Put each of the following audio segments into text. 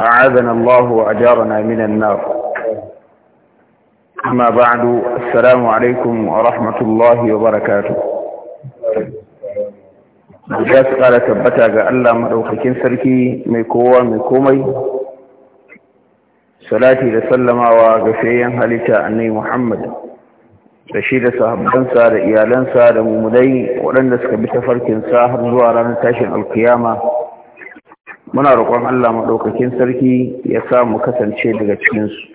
أعاذنا الله وأجارنا من النار أما بعد السلام عليكم ورحمة الله وبركاته جاءت قال تبتا قال لهم روحكين سركي ميكوة ميكومي صلاتي لسلم وقفيا هلتا أني محمد رشيد صاحبان سار إيالان سار ممدين ولن نسك بتفرك ساهر زوارا نتاشن القيامة muna roƙon Allah maɗaukakin sarki ya samu kasance daga cikinsu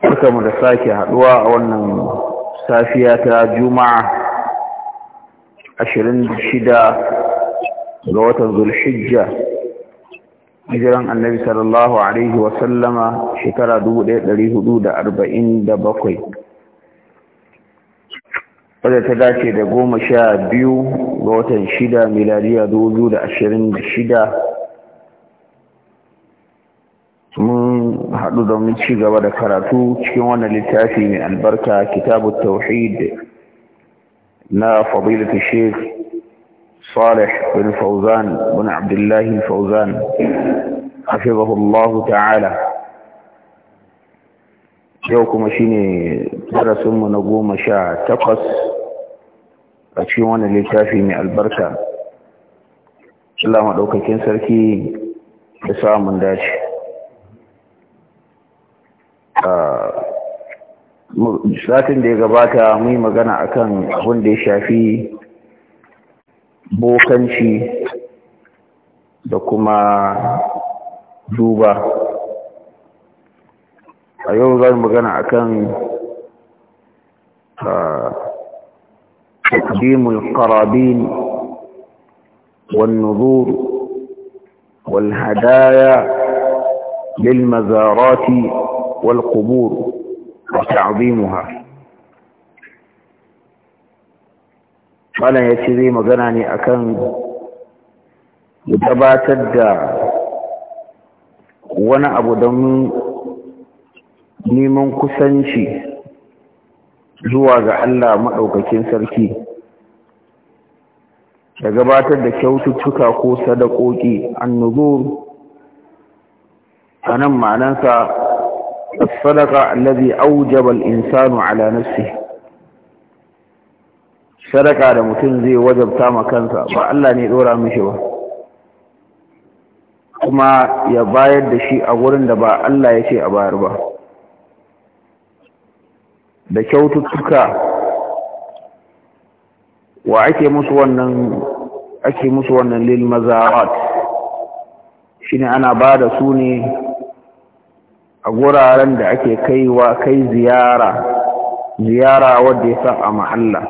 suka mu da sake haɗuwa a wannan safiya ta juma'a 26 ga watan zulhijja hijiran annabi sallallahu alaihi wasallama shekara bakwai. wadda ta dace da goma sha biyu ga watan shida miladiya dubu da ashirin da shida mun haɗu da mun ci gaba da karatu cikin wannan littafi mai albarka kitabu tauhid na fadilatu sheikh salih bin fauzan bin abdullahi fauzan hafizahullahu ta'ala yau kuma shine darasinmu na goma sha takwas a cikin wannan littafi mai albarka Allah maɗaukakin sarki da samun dace satin da ya gabata mun yi magana akan abin da ya shafi bokanci da kuma duba a yau zan magana akan تقديم القرابين والنذور والهدايا للمزارات والقبور وتعظيمها قال يتذي مغناني أكن gabatar تدى وانا أبو don neman كسنشي zuwa ga Allah maɗaukakin sarki da gabatar da kyaututtuka ko sadakoki annuzur anan ma'anansa as-sadaqa allazi awjaba al-insanu ala nafsihi sadaka da mutum zai wajabta ma kansa ba Allah ne dora mishi ba kuma ya bayar da shi a wurin da ba Allah ya ce a bayar ba da kyaututtuka wa ake musu wannan ake musu wannan lil mazarat shine ana ba da su ne a guraren da ake kaiwa kai ziyara ziyara wadda ya sa a mahalla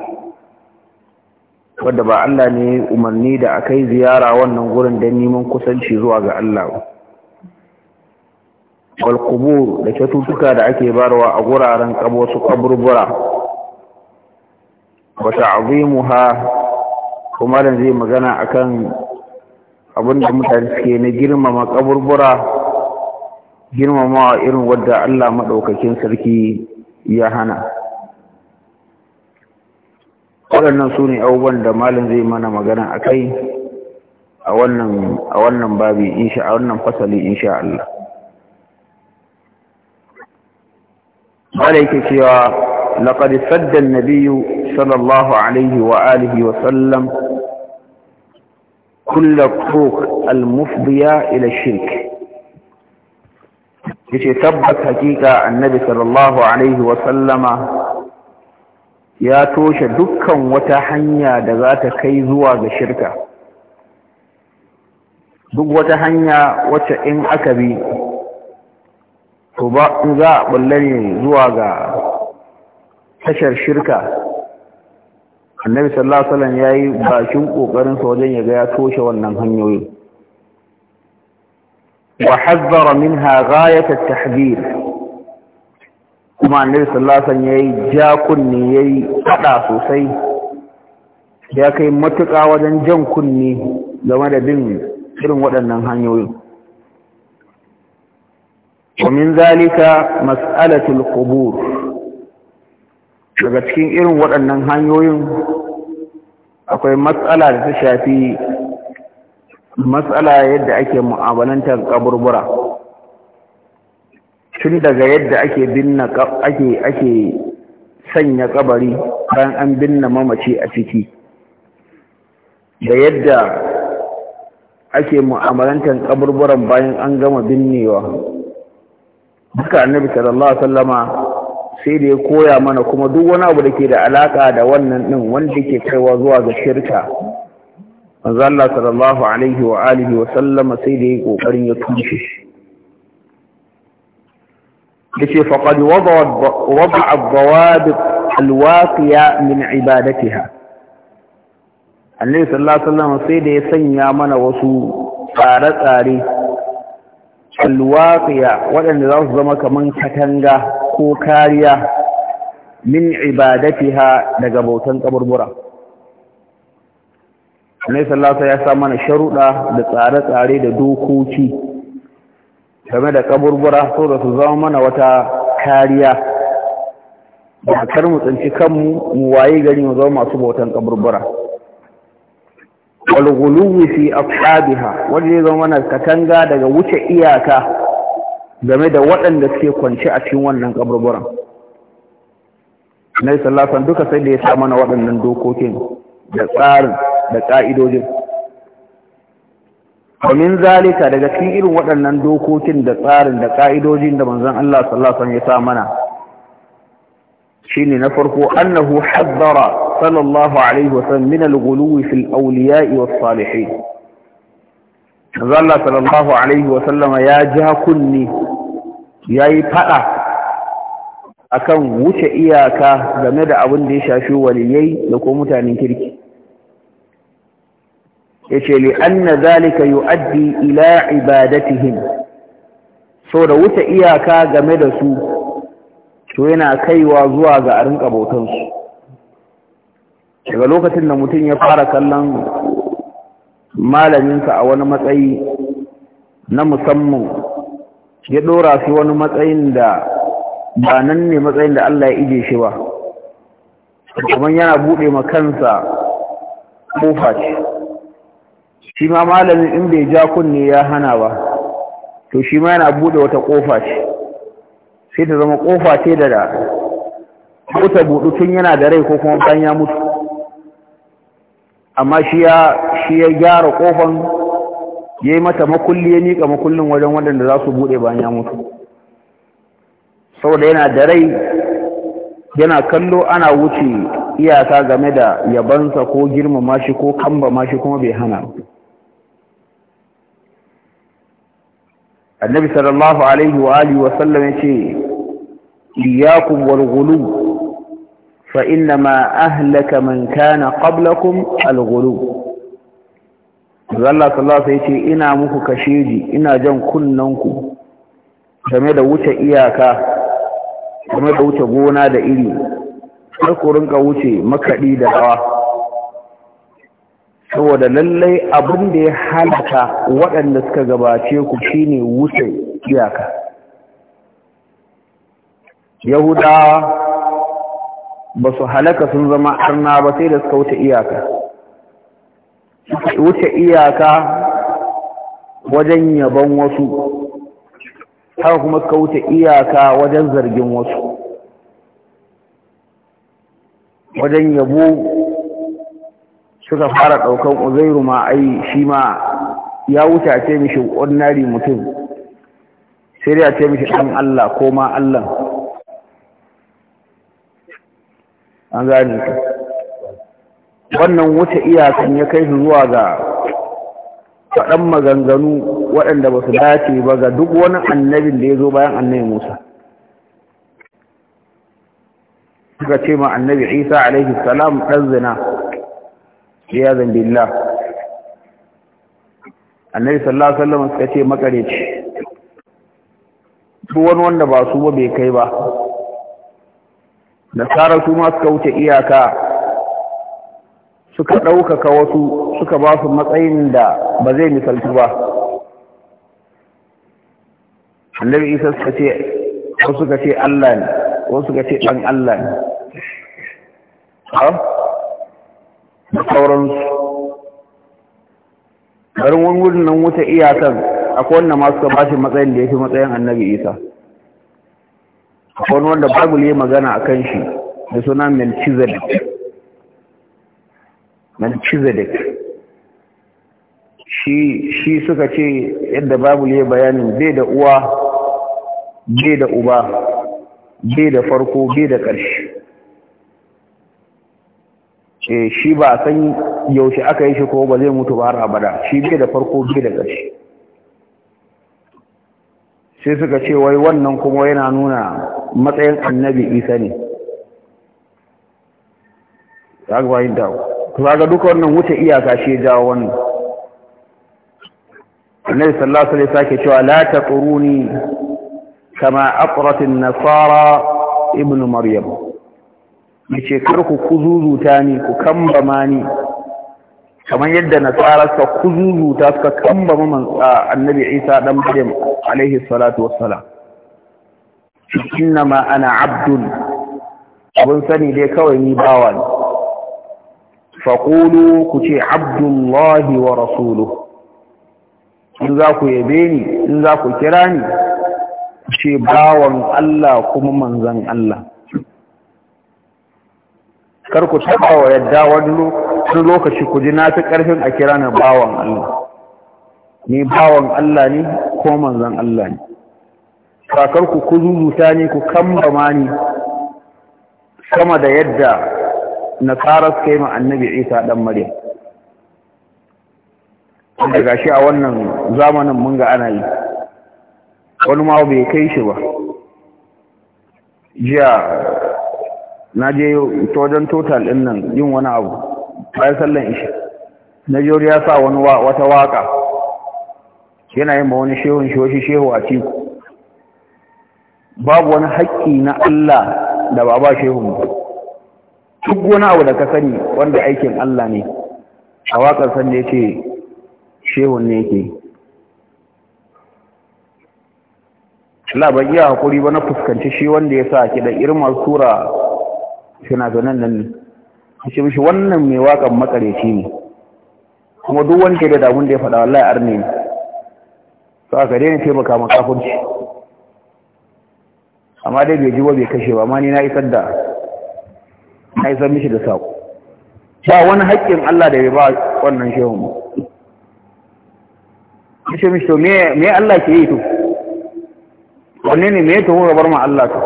wadda ba Allah ne umarni da a kai ziyara wannan gurin don neman kusanci zuwa ga Allah ba wal da kyaututtuka da ake barwa a guraren kabo su kaburbura wa ta'zimuha kuma da zai magana akan abin da mutane suke na girmama kaburbura girmamawa irin wadda Allah maɗaukakin sarki ya hana waɗannan su ne abubuwan da malin zai mana magana a kai a wannan babi insha a wannan fasali insha Allah wanda yake cewa laqad sadda an-nabiyyu sallallahu alaihi wa alihi wa sallam kull turuq al-mufdiya ila shirk yace tabbata hakika annabi sallallahu alaihi wa sallama ya toshe dukkan wata hanya da za ta kai zuwa ga shirka duk wata hanya wacce in aka bi to ba in za a balle ne zuwa ga tashar shirka annabi sallallahu alaihi wasallam yayi bakin kokarin sa wajen yaga ya toshe wannan hanyoyin wa hazzara minha ghayat at-tahdhir kuma annabi sallallahu alaihi wasallam yayi jakunni yayi fada sosai ya kai matuƙa wajen jan kunne game da bin irin waɗannan hanyoyin ومن ذلك مسألة القبور daga cikin irin waɗannan hanyoyin akwai matsala da ta shafi matsala yadda ake mu'amalantar kaburbura tun daga yadda ake binna ake ake sanya kabari bayan an binna mamaci a ciki da yadda ake mu'amalantar kaburburan bayan an gama binnewa duka annabi sallallahu alaihi wasallama sai da ya koya mana kuma duk wani abu da ke da alaka da wannan din wanda ke kaiwa zuwa ga shirka manzo Allah sallallahu alaihi wa alihi wa sallama sai da ya kokarin ya tushe shi yace faqad wada wada alwaqiya min ibadatiha annabi sallallahu alaihi wasallama sai da ya sanya mana wasu tsare-tsare alwaqiya waɗanda za su zama kaman katanga ko kariya min ibadatiha daga bautan kaburbura ne sallallahu ya sa mana sharuɗa da tsare-tsare da dokoki game da kaburbura saboda su zama mana wata kariya ba kar mu tsinci kanmu mu waye gari mu zama masu bautan kaburbura walghuluwi fi ashabiha wanda ya zama mana katanga daga wuce iyaka game da waɗanda suke kwance a cikin wannan kaburburan nabi sallallahu duka sai da ya sa mana waɗannan dokokin da tsarin da ƙa'idojin min zalika daga cikin irin waɗannan dokokin da tsarin da ƙa'idojin da manzon Allah sallallahu alaihi ya sa mana shine na farko annahu haddara صلى الله عليه وسلم من الغلو في الأولياء والصالحين sallallahu alaihi wasallama ya ja kunne ya yi akan wuce iyaka game da abin da ya shafi waliyai da ko mutanen kirki ya ce li anna zalika yu'addi ila ibadatihim so da wuce iyaka game da su to yana kaiwa zuwa ga a rinka bautansu daga lokacin da mutum ya fara kallon malaminsa a wani matsayi na musamman ya ɗora su wani matsayin da ba nan ne matsayin da Allah ya ije shi ba kuma yana buɗe ma kansa kofa ce shi ma malamin in bai ja kunne ya hana ba to shi ma yana buɗe wata kofa ce sai ta zama kofa ce da da ta buɗu tun yana da rai ko kuma bayan ya mutu amma shi ya shi ya gyara kofan ya yi mata makulli ya nika makullin wajen wadanda za su buɗe bayan ya mutu saboda yana da rai yana kallo ana wuce iyaka game da yabansa ko girmama shi ko kamba shi kuma bai hana annabi sallallahu alaihi wa alihi wa sallam yace iyyakum wal ghulub فإنما أهلك من كان قبلكم الغلو Allah sallallahu alaihi ce ina muku kasheji ina jan kunnanku game da wuce iyaka game da wuce gona da iri har ku rinka wuce makaɗi da rawa saboda lallai abin da ya halaka waɗanda suka gabace ku shine wuce iyaka yahudawa ba su halaka sun zama arna ba sai da suka wuce iyaka suka wuce iyaka wajen yabon wasu haka kuma suka wuce iyaka wajen zargin wasu wajen yabo suka fara ɗaukan uzairu ma ai shi ma ya wuce a ce mishi ordinary mutum sai dai a ce mishi ɗan Allah ko ma Allah an gane ka wannan wuce iyakan ya kai su zuwa ga faɗan maganganu waɗanda ba su dace ba ga duk wani annabin da ya zo bayan annabi musa suka ce ma annabi isa alaihi salam ɗan zina ya billa. annabi sallallahu alaihi wasallam suka ce makareci duk wani wanda ba su ba bai kai ba nasara su ma suka wuce iyaka suka ɗaukaka wasu suka ba su matsayin da ba zai misaltu ba annabi isa suka ce wasu suka ce allah ne wasu suka ce ɗan allah ne da sauransu garin wani wurin nan wuce iyakan akwai wanda ma suka ba shi matsayin da ya fi matsayin annabi isa wani wanda babu ne magana a kan shi da suna melchizedek melchizedek shi shi suka ce yadda babu ne bayanin bai da uwa bai da uba bai da farko bai da ƙarshe eh, shi ba a san yaushe aka yi shi ko ba zai mutu ba har abada shi bai da farko bai da ƙarshe sai suka ce wai wannan kuma yana nuna matsayin annabi isa ne ta ga bayin dawo za ga duka wannan wuce iyaka shi ya jawo wannan annabi sallallahu alaihi yake cewa la taquruni kama an nasara ibnu maryam yace kar ku kuzuzuta ni ku kambama ni kamar yadda nasara suka kuzuzuta suka kambama annabi isa dan maryam alaihi salatu wassalam Inna ma ana abdun abun sani dai kawai ni bawa ne faƙulu ku ce abdullahi wa rasulu in za ku yabe ni in za ku kira ni ku ce bawan Allah kuma manzan Allah kar ku taɓa wa yadda wani lokaci ku ji na fi ƙarfin a kira ni bawan Allah ni bawan Allah ne ko manzan Allah ne kakar ku kuzuzuta ne ku kambama ni sama da yadda nasara suka yi ma annabi isa dan maryam wanda gashi a wannan zamanin mun ga ana yi wani ma bai kai shi ba jiya na je ta wajen total din nan yin wani abu bayan sallan ishe. na ya sa wani wata waka yana yin ba wani shehun shi shehu a ciku babu wani haƙƙi na Allah da ba ba mu. duk wani abu da ka sani wanda aikin Allah ne a waƙar san da yake shehun ne yake Allah ban iya haƙuri ba na fuskanci shi wanda ya sa kiɗa irin masu tura fina zanen nan ne ce mishi wannan mai waƙan makareci ne kuma duk wanda ya da damun da ya faɗa wallahi arne ne sa ka daina taimaka makafunci amma dai bai ji ba bai kashe ba amma ni na isar da na isar mishi da saƙo ba wani haƙƙin Allah da bai ba wannan shehun ba kashe mishi to me Allah ke yi to wanne ne me ya taho bar ma Allah to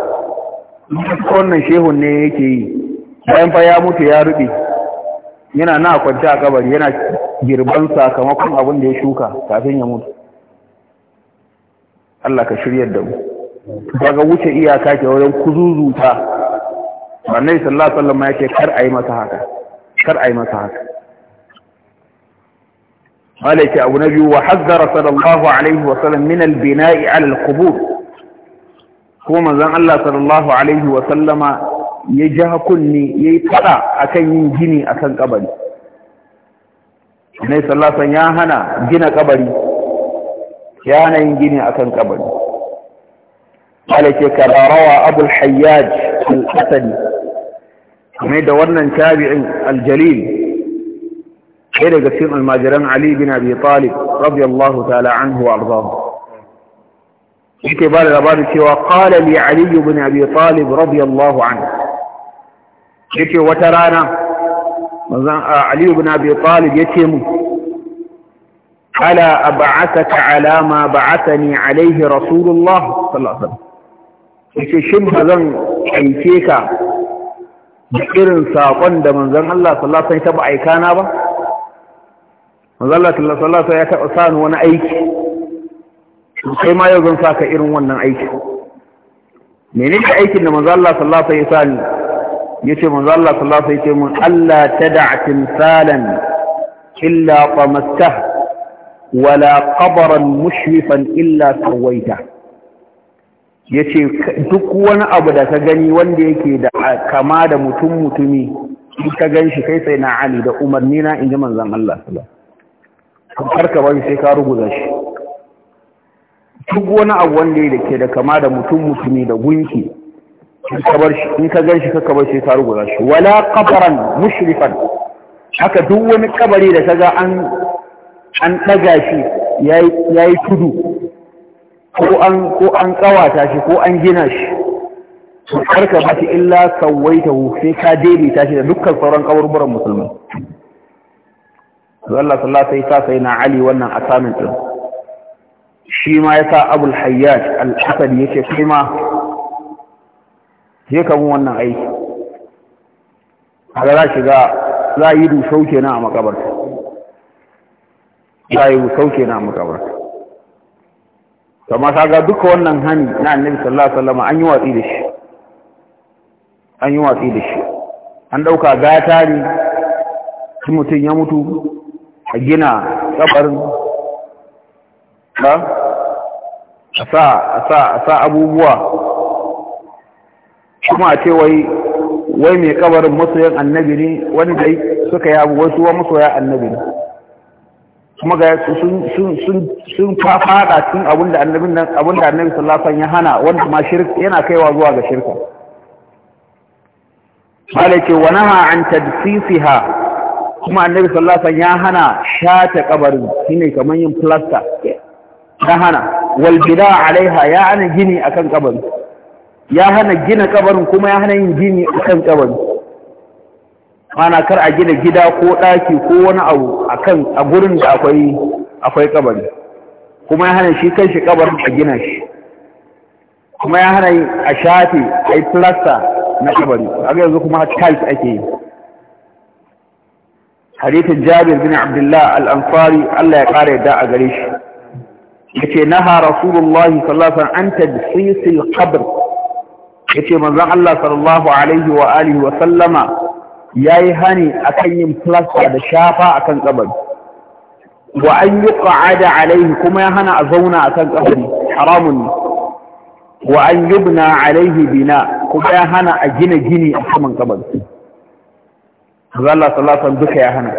wannan shehun ne yake yi bayan fa ya mutu ya ruɓe yana na kwanta a kabari yana girban sakamakon abin da ya shuka kafin ya mutu Allah ka shiryar da mu daga wuce iyaka ke wurin kuzuzuta annai sallallahu alaihi wasallam ya ce kar ayi masa haka kar a masa haka malaki abu na biyu wa hazzara sallallahu alaihi wasallam min albina'i ala alqubur kuma manzon Allah sallallahu alaihi wasallama ya ja kunni yayi fada akan yin gini akan kabari annai sallallahu ya hana gina kabari ya hana yin gini akan kabari قال كما روى أبو الحياج الأسد ميدا ونن تابع الجليل إلى قسيم الماجران علي بن أبي طالب رضي الله تعالى عنه وأرضاه اعتبار الأبار وقال لي علي بن أبي طالب رضي الله عنه يتي وترانا علي بن أبي طالب يتيم ألا أبعثك على ما بعثني عليه رسول الله صلى الله عليه وسلم yace shin ba zan aike ka da irin saƙon da manzan Allah sallallahu alaihi wasallam ya taɓa aikana ba manzon Allah sallallahu alaihi wasallam ya taɓa sani wani aiki sai ma yau zan sa ka irin wannan aiki menene aikin da manzon Allah sallallahu alaihi wasallam ya sani yace manzo Allah sallallahu alaihi wasallam mun Allah tad'a timsalan illa qamastah wala qabran mushrifan illa sawaita ya ce duk wani abu da ka gani wanda yake da kama da mutum mutumi in ka gan shi kai sai na ali da umarni na in ji manzan Allah karka bari sai ka ruguza shi duk wani abu wanda yake da kama da mutum mutumi da gunki in ka gan shi ka bar sai ka ruguza shi wala kafaran mushrifan haka duk wani kabari da ka ga an an ɗaga shi ya yi tudu ko an ko an kawata shi ko an gina shi to karka ba shi illa sawaitahu sai ka daidaita shi da dukkan sauran kaburburan musulmi. to Allah sallallahu alaihi sai na Ali wannan assignment din shi ma yasa Abu al-Hayyaj al-Asadi yake kuma ma je ka wannan aiki Haka za shiga za yi dusau kenan a makabarta za yi dusau kenan a makabarta kama ga duka wannan hani na annabi sallallahu alaihi wasallam an yi watsi da shi an yi watsi da shi an dauka gata ne shi mutum ya mutu a gina kabarin ba a sa a sa a sa abubuwa kuma a ce wai wai mai kabarin masoyan annabi ne dai suka yi abu wasu wa masoya annabi ne kuma ga sun fafada cikin abin da annabin nan abin da annabi sallafan ya hana wanda ma shirka yana kaiwa zuwa ga shirka malaki wa naha an tadfisiha kuma annabi sallafan ya hana shata kabarin shine kaman yin plaster Ya hana wal bida alaiha ya hana gini akan kabarin ya hana gina kabarin kuma ya hana yin gini akan kabarin mana kar a gina gida ko ɗaki ko wani abu akan a gurin da akwai akwai kabari kuma ya hana shi kan shi kabarin a gina shi kuma ya hana a shafi a yi plasta na kabari a ga yanzu kuma tiles ake yi hadithin jabir bin abdullah al-ansari Allah ya ƙara yadda a gare shi yace naha rasulullahi sallallahu alaihi an tadsis al-qabr yace manzon Allah sallallahu alaihi wa alihi wa sallama ya yi hani a kan yin plasta da shafa a kan kabari wa an yi ƙa'ada laihi kuma ya hana a zauna kan kabari haramun ne wa an a laihi bina kuma ya hana a gina gini a saman kabari zalla sallasan duka ya hana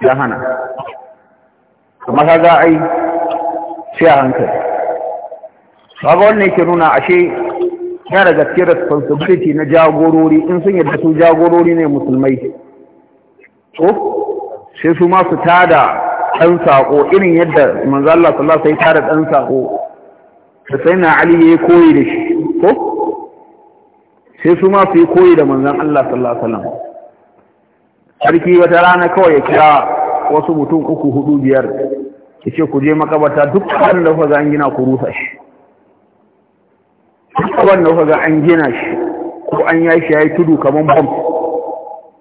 ya hana kuma kaga ai sai a hankali kaga wannan yake nuna ashe ya daga cikin responsibility na jagorori in sun yadda su jagorori ne musulmai to sai su ma su tada ɗan saƙo irin yadda manzo Allah sallallahu alaihi tada ɗan saƙo da sai na Ali ya koyi da shi ko sai su ma su yi koyi da manzon Allah sallallahu alaihi wasallam sarki wata rana kawai ya kira wasu mutum uku hudu biyar ya ce ku je makabarta duk abin da kuka ga an gina ku rusa shi wannan kaga an gina shi ko an yashi ya yi tudu kamar bom.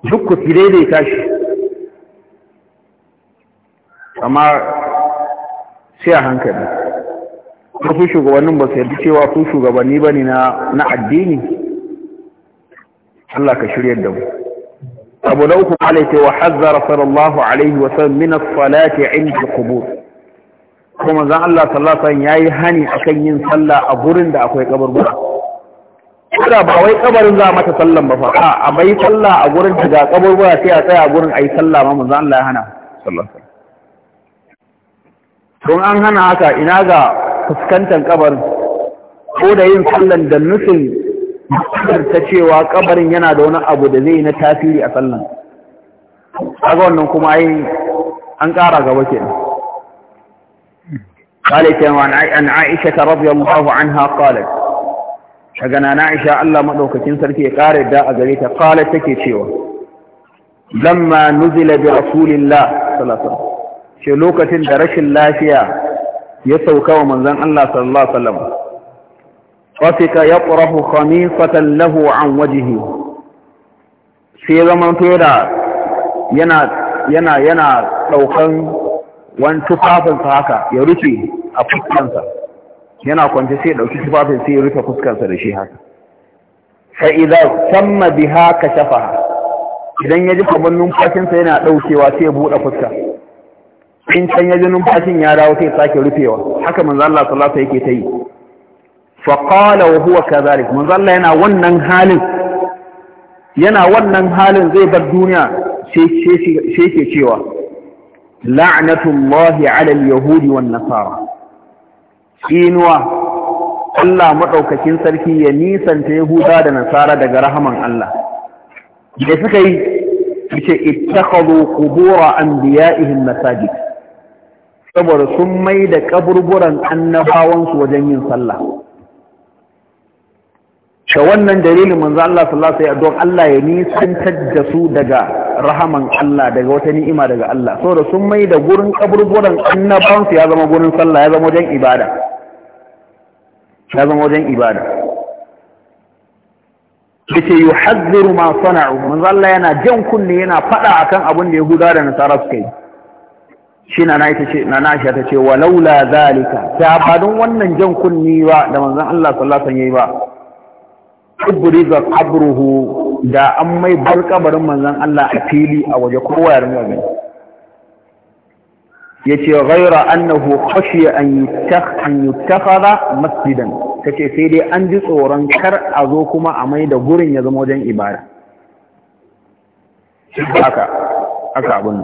duk ku fi daidaita shi amma sai a hankali wasu shugabannin ba su yarda cewa su shugabanni ba ne na addini Allah ka shiryar da mu abu na uku alaita wa hazzara sallallahu alaihi wasallam min as-salati inda qubur kuma zan Allah sallallahu alaihi wasallam yayi hani akan yin sallah a gurin da akwai kaburbura kira ba wai kabarin za mata sallan ba fa a mai sallah a gurin da ga kaburbura sai a tsaya a gurin ayi sallah ma manzo Allah ya hana sallallahu alaihi don an hana haka ina ga fuskantar kabar ko da yin sallan da nufin ta cewa kabarin yana da wani abu da zai na tasiri a sallan ga wannan kuma ai an ƙara gaba kenan قالت عن عائشة رضي الله عنها قالت شغنا نعشة الله مدوك تنسلكي قارد داء قريتا قالت تكي تشيوه لما نزل برسول الله صلى الله عليه وسلم شلوكة درش الله فيها يسوك ومنزان الله صلى الله عليه وسلم وفك يطرح خميصة له عن وجهه sai zaman fera yana yana yana daukan wani tufafinsa haka ya rufe a fuskansa yana kwanci sai ɗauki tufafin sai ya rufe fuskansa da shi haka sai idan samma biha ka shafa idan ya ji kamar numfashinsa yana ɗaukewa sai ya buɗe fuska in can ya ji numfashin ya dawo sai ya sake rufewa haka manzo Allah yake ta yi fa wa huwa kazalik manzo yana wannan halin yana wannan halin zai bar duniya sai ke cewa la'natullahi alal yahudi wan nasara inuwa Allah maɗaukakin sarki ya nisanta Yahuda da Nasara daga rahaman Allah. Da suka yi, ce, ittakhadhu qubura anbiya'ihim masajid. Saboda sun mai da kaburburan annabawansu wajen yin sallah. Da wannan dalilin manzo Allah sallallahu alaihi wasallam Allah ya nisantar da su daga rahaman Allah daga wata ni'ima daga Allah saboda sun mai da gurin kaburburan annabansu ya zama gurin sallah ya zama wajen ibada ya zama wajen ibada yi yuhadhdhiru ma sana'u mun zalla yana jan kunne yana fada akan abin da guda da Nasara su kai shi na na ce na na ta ce laula zalika ta don wannan jan kunni ba da manzon Allah sallallahu alaihi sallam yayi ba ubriza qabruhu da an mai bar kabarin manzan Allah a fili a waje kowa ya rinka Ya ce ghaira annahu khashi an yutakhadha masjidan kace sai dai an ji tsoron kar a zo kuma a mai da gurin ya zama wajen ibada haka haka abin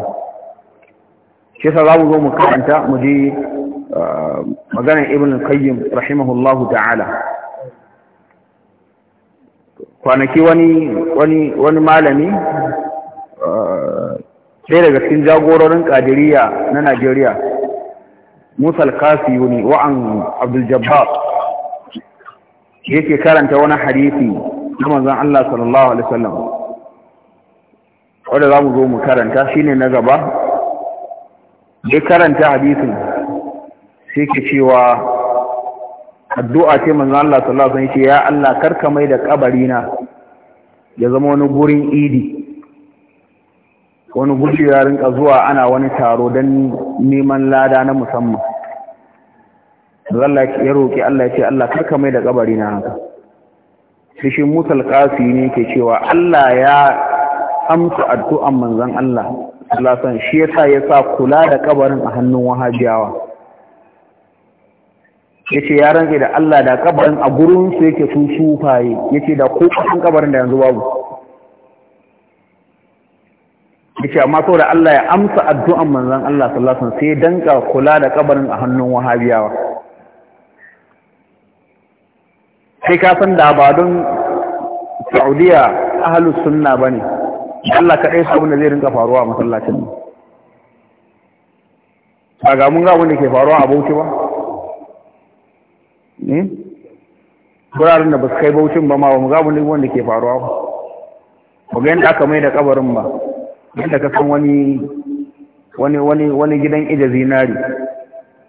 shi yasa za mu zo mu karanta mu ji eh, maganar ibn al-qayyim rahimahullahu ta'ala kwanaki wani wani wani malami sai uh, daga cikin jagororin kadiriya na Najeriya Musa al-Kasiyuni wa an Abdul Jabbar yake karanta wani hadisi na manzon Allah sallallahu alaihi wasallam wanda zamu zo mu karanta shine na gaba dai karanta hadisin sai ke cewa addu'a ce manzo Allah sallallahu alaihi wasallam ya Allah karka mai da kabari na ya zama wani gurin idi wani gurin ya rinka zuwa ana wani taro don neman lada na musamman Allah ya roƙi Allah ya ce Allah karka mai da kabari na haka shi mutal qasi ne ke cewa Allah ya amsa addu'an manzon Allah sallallahu alaihi wasallam shi yasa ya sa kula da kabarin a hannun wahabiyawa yace ya rantse da Allah da kabarin a gurin su yake sun sufaye yace da ko kan kabarin da yanzu babu yace amma saboda Allah ya amsa addu'an manzon Allah sallallahu alaihi wasallam sai danka kula da kabarin a hannun wahabiyawa sai ka san da ba don Saudiya ahlus sunna bane Allah kadai sabon da zai rinka faruwa a masallacin ba ga mun ga abin ke faruwa a Bauchi ba ne hmm? guraren da ba su kai baucin ba ma ba mu ga ne wanda ke faruwa ba ba ga yadda aka mai da kabarin ba yadda ka san wani wani wani wani gidan ida zinari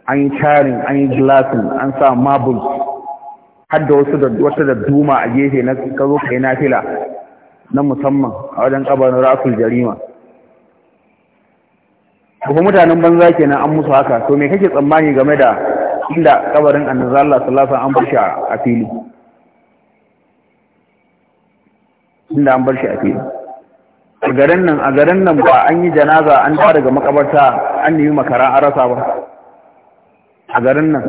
an yi tarin an yi glasin an sa mabul, har da wasu da wata da duma a gefe na ka zo kai nafila na musamman a wajen kabarin rasul jarima kuma mutanen banza kenan an musu haka to me kake tsammani game da inda kabarin annabi Allah sallallahu alaihi an bar shi a fili inda an bar shi a fili a garin nan a garin nan ba an yi janaza an ta daga makabarta an nemi makara an rasa ba a garin nan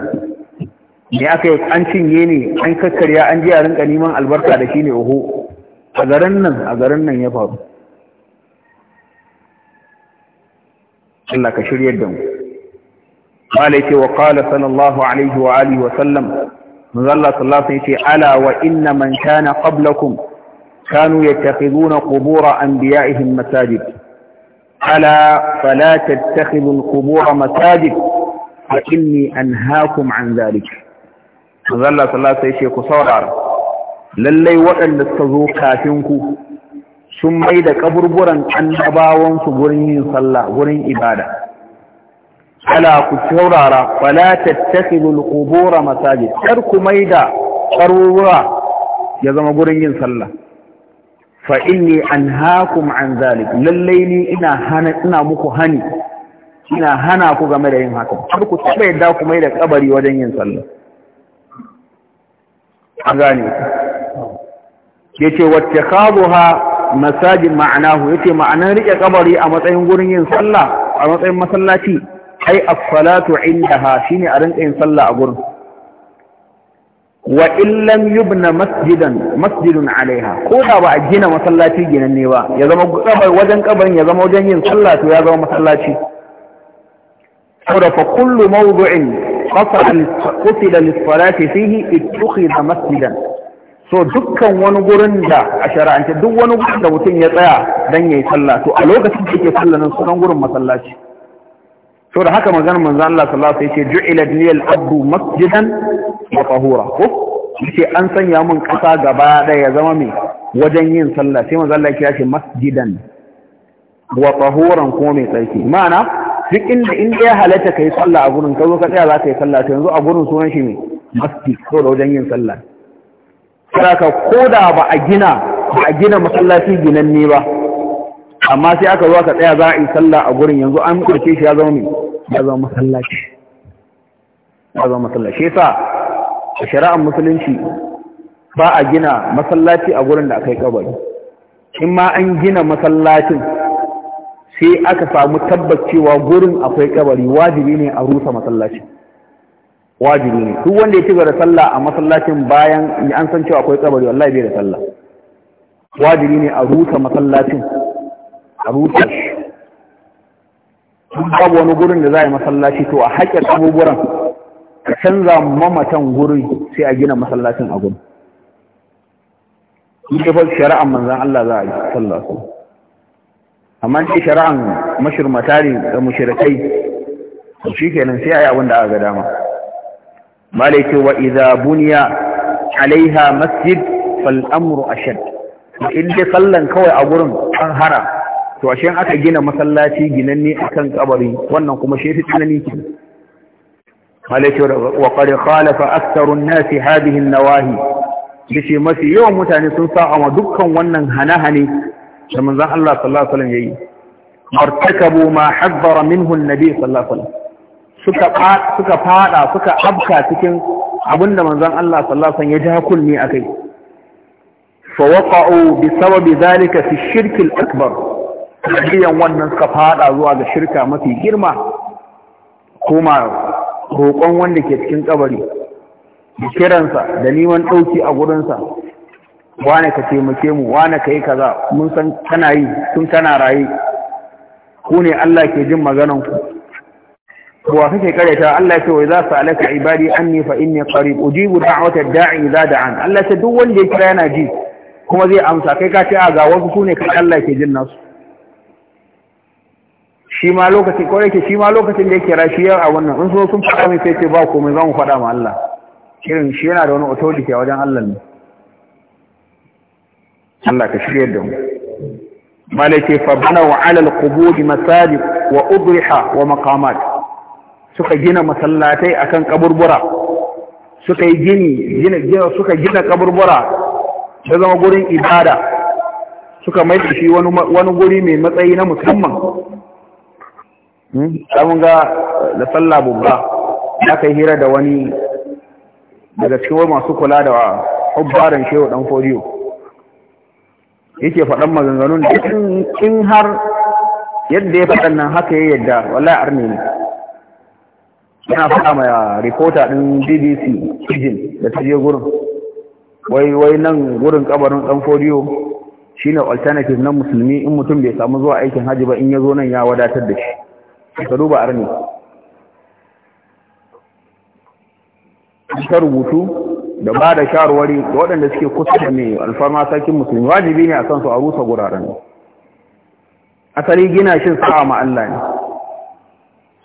ne aka yi an cinye ne an kakkarya an ji a rinka neman albarka da shi ne oho a garin nan a garin nan ya faru Allah ka shirya da mu قال يتي وقال صلى الله عليه وآله وسلم من الله صلى الله عليه وسلم ألا وإن من كان قبلكم كانوا يتخذون قبور أنبيائهم مساجد ألا فلا تتخذوا القبور مساجد فإني أنهاكم عن ذلك من الله صلى الله عليه وسلم كصور للي وأن استذو كافنكم sun mai da kaburburan annabawansu gurin yin sallah gurin ibada ala ku taurara fala tattakhidu al-qubur masajid kar ku maida qarura ya zama gurin yin sallah fa inni anhaakum an zalik lallai ni ina hana ina muku hani ina hana ku game da yin haka kar ku taba yadda ku maida kabari wajen yin sallah an gane yace wattakhaduha masajin ma'anahu yace ma'anar rike kabari a matsayin gurin yin sallah a matsayin masallaci ai as-salatu indaha shine a rinka yin sallah a gurin wa in yubna masjidan masjidun alaiha ko da ba a gina masallaci ginanne ba ya zama kabar wajen kabarin ya zama wajen yin sallah to ya zama masallaci saboda fa kullu mawdu'in qasida lis-salati fihi ittukhidha masjidan so dukkan wani gurin da a shara'ance duk wani gurin da mutum ya tsaya dan yayi sallah to a lokacin da yake sallah nan sunan gurin masallaci to da haka maganar manzo Allah sallallahu alaihi wasallam yace ju'ilat liyal abdu masjidan wa tahura ko yace an sanya mun kasa gaba daya ya zama mai wajen yin sallah sai manzo Allah ya ce shi masjidan wa tahuran kuma mai tsarki ma'ana duk inda in ya halatta kai sallah a gurin ka zo ka tsaya za ka yi sallah to yanzu a gurin sunan shi me masjid ko da wajen yin sallah saraka ko da ba a gina ba a gina masallaci ginanne ba amma sai aka zo aka tsaya za a yi sallah a gurin yanzu an kurce shi ya zama ne ya zama masallaci ya zama masallaci yasa a shari'ar musulunci ba a gina masallaci a gurin da aka yi kabari in ma an gina masallacin sai aka samu tabbacewa gurin akwai kabari wajibi ne a rusa masallaci wajibi ne duk wanda ya ci da sallah a masallacin bayan an san cewa akwai kabari wallahi bai da sallah wajibi ne a rusa masallacin abu tashi tun babu wani gurin da za a yi masallaci to a haƙƙin abubuwan ka canza mamatan gurin sai a gina masallacin a gurin in ba shari'an manzan Allah za a yi sallatu amma ce shari'an mashirmata da mushirikai da shi kenan sai a yi abin da aka ga dama malai ce wa idza buniya alaiha masjid fal amru ashad in dai sallan kawai a gurin an hara to ashe aka gina masallaci ginanne akan kabari wannan kuma shi fi tsanani ke malaki wa qad khalafa aktharu an-nas hadhihi an-nawahi dace mafi yawan mutane sun sa'a ma dukkan wannan hanahane. da manzon Allah sallallahu alaihi wasallam yayi martakabu ma haddara minhu an-nabi sallallahu alaihi wasallam suka suka fada suka abka cikin abinda manzon Allah sallallahu alaihi wasallam ya ja kunni akai fa waqa'u bi sababi dhalika fi ash-shirk al-akbar biyan wannan suka fada zuwa ga shirka mafi girma kuma roƙon wanda ke cikin kabari kiransa da neman ɗauki a gurinsa wane ka taimake mu wane ka yi kaza mun san kana yi tun kana raye ku ne Allah ke jin maganan ku wa kake karyata Allah ce wai za su alaka ibadi anni fa inni qarib ujibu da'wata da'i idza da'an Allah ce duk wanda ya kira yana ji kuma zai amsa kai ka ce a ga wasu Ku ne kai Allah ke jin nasu shi ma lokacin kawai ke shi ma lokacin da ya kira shi yau a wannan in so sun faɗa mai sai ce ba komai za mu faɗa ma Allah kirin shi yana da wani authority a wajen Allah ne Allah ka shirya da mu malake fa bana wa ala qubud masajid wa udriha wa maqamat suka gina masallatai akan kaburbura suka yi gini gina gina suka gina kaburbura ta zama gurin ibada suka mai shi wani wani guri mai matsayi na musamman samun hmm? eh, da sallah bubba aka yi hira da wani daga cikin masu kula da hubbaran shehu dan fodiyo yake faɗan maganganun da in har yadda ya faɗan nan haka ya yadda wallahi arni ne yana faɗa ma rikota ɗin bbc pidgin da ta je gurin wai nan gurin kabarin ɗan shi ne alternative na musulmi in mutum bai samu zuwa aikin hajji ba in ya zo nan ya wadatar da shi ka duba arni ta rubutu da ba da shawarwari da waɗanda suke kusa da mai alfarma sarkin musulmi wajibi ne a kan su a rusa guraren asali gina shi sa'a ma ne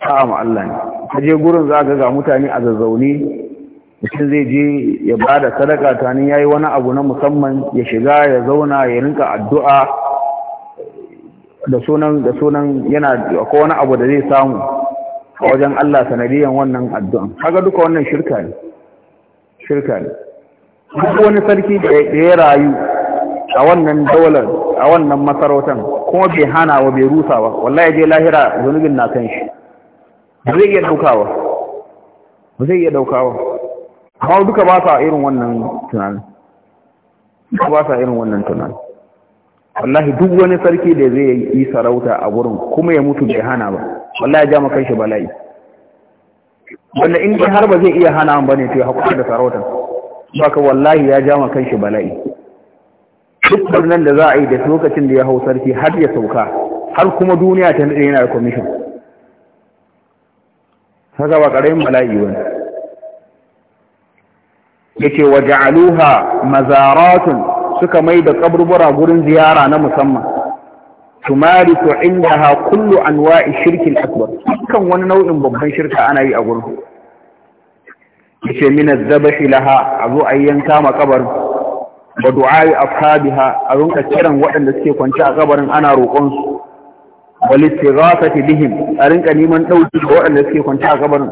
sa'a ma ne ta je gurin za ga ga mutane a zazzauni mutum zai je ya ba da sadaka tanin ya yi wani abu na musamman ya shiga ya zauna ya rinka addu'a da sunan da sunan yana ko wani abu da zai samu a wajen Allah sanadiyan wannan addu'an kaga duka wannan shirka ne shirka ne duk wani sarki da ya rayu a wannan daular a wannan masarautar kuma bai hana wa bai rusa ba wallahi je lahira zunubin na kan shi ba zai iya daukawa ba zai iya daukawa amma duka ba sa irin wannan tunanin ba sa irin wannan tunanin wallahi duk wani sarki da zai yi sarauta a wurin kuma ya mutu bai hana ba wallahi ja maka shi bala'i wanda in har ba zai iya hana ba ne to ya hakuri da sarautan baka wallahi ya ja maka shi bala'i duk birnin da za a yi da lokacin da ya hau sarki har ya sauka har kuma duniya ta nade yana da commission haka ba karamin bala'i wani yace wa ja'aluha mazaratun suka mai da kaburbura gurin ziyara na musamman Tumari inda indaha kullu anwa'i shirkin akbar dukkan wani nau'in babban shirka ana yi a gurin yace min az-zabhi laha azu ayyan kama kabar wa du'a'i ashabiha a rinka kiran waɗanda suke kwance a kabarin ana roƙon su wal istighafati bihim a rinka neman dauki ga waɗanda suke kwance a kabarin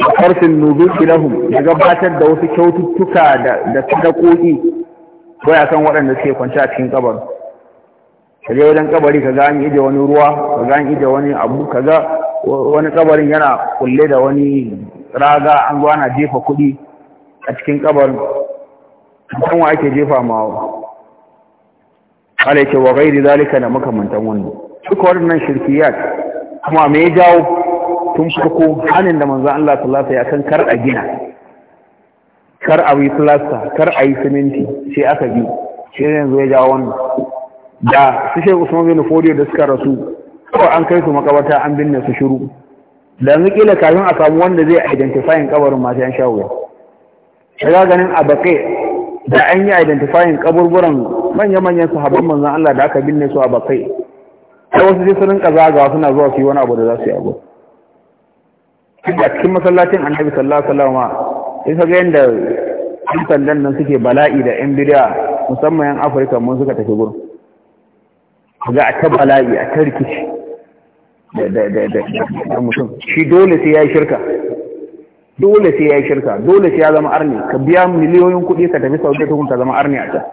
wa farsin nuzul lahum da gabatar da wasu kyaututtuka da da sadakoki wai akan waɗanda suke kwanci a cikin kabar ka je wajen kabari ka ga an ije wani ruwa ka ga an ije wani abu ka ga wani kabarin yana kulle da wani raga an zuwa na jefa kuɗi a cikin kabarin kan wa ake jefa mawa ala yake wa gairi zalika da makamantan wannan duka waɗannan shirkiyat kuma me ya jawo tun farko hannun da manzon Allah sallallahu alaihi wasallam ya kan kar a gina kar a yi plasta, kar a yi siminti sai aka bi shi yanzu ya jawo wannan da su shek usman bin fodiyo da suka rasu kawai an kai su makabarta an binne su shiru da yanzu kila kafin a samu wanda zai identifying kabarin masu yan shawuya ga ganin a bakai da an yi identifying kaburburan manya-manyan sahabban manzan Allah da aka binne su a bakai sai wasu sai sun rinka zagawa suna zuwa su yi wani abu da za su yi abu a cikin masallacin annabi sallallahu alaihi wasallam sai ka ga yanda yan sandan nan suke bala'i da yan bidiya musamman yan afirka mun suka tafi gurin ga a ta bala'i a ta rikici da mutum shi dole sai ya yi shirka dole sai ya yi shirka dole sai ya zama arni ka biya miliyoyin kuɗi ka tafi sauke tukun ka zama arni a can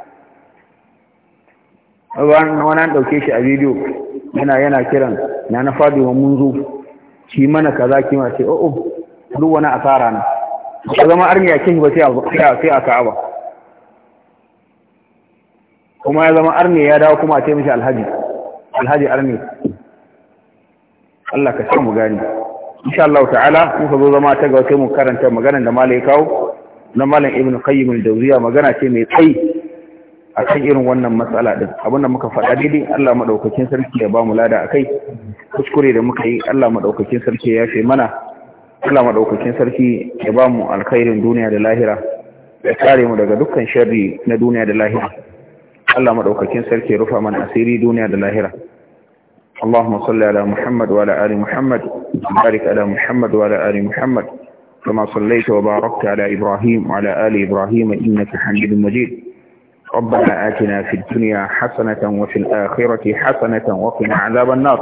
wani an ɗauke shi a bidiyo yana yana kiran na na faɗi wa mun zo ki mana kaza ki ma ce o'o oh, oh, duk wani asara na Ka zama arni ya kishi ba sai a ka'aba kuma ya zama arni ya dawo kuma a ce mishi alhaji alhaji arni Allah ka samu gani insha Allah ta'ala ka zo zama ta ga sai mu karanta magana da malai kawo na malam ibn qayyim al-jawziya magana ce mai tsayi akan irin wannan matsala din abinda muka faɗa daidai Allah madaukakin sarki ya ba mu lada akai kuskure da muka yi Allah madaukakin sarki ya yafe mana Allah maɗaukakin sarki ya ba mu alkhairin duniya da lahira ya kare mu daga dukkan sharri na duniya da lahira Allah maɗaukakin sarki rufa mana asiri duniya da lahira اللهم ala Muhammad wa وعلى آل محمد بارك على محمد وعلى ala Ibrahim كما صليت وباركت على إبراهيم وعلى آل إبراهيم إنك حميد مجيد ربنا آتنا في الدنيا حسنة وفي الآخرة حسنة وقنا عذاب النار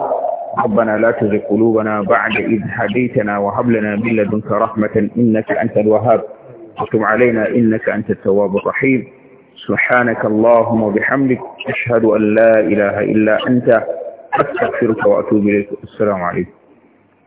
ربنا لا تزغ قلوبنا بعد إذ هديتنا وهب لنا من لدنك رحمة إنك أنت الوهاب وتب علينا إنك أنت التواب الرحيم سبحانك اللهم وبحمدك أشهد أن لا إله إلا أنت أستغفرك وأتوب إليك السلام عليكم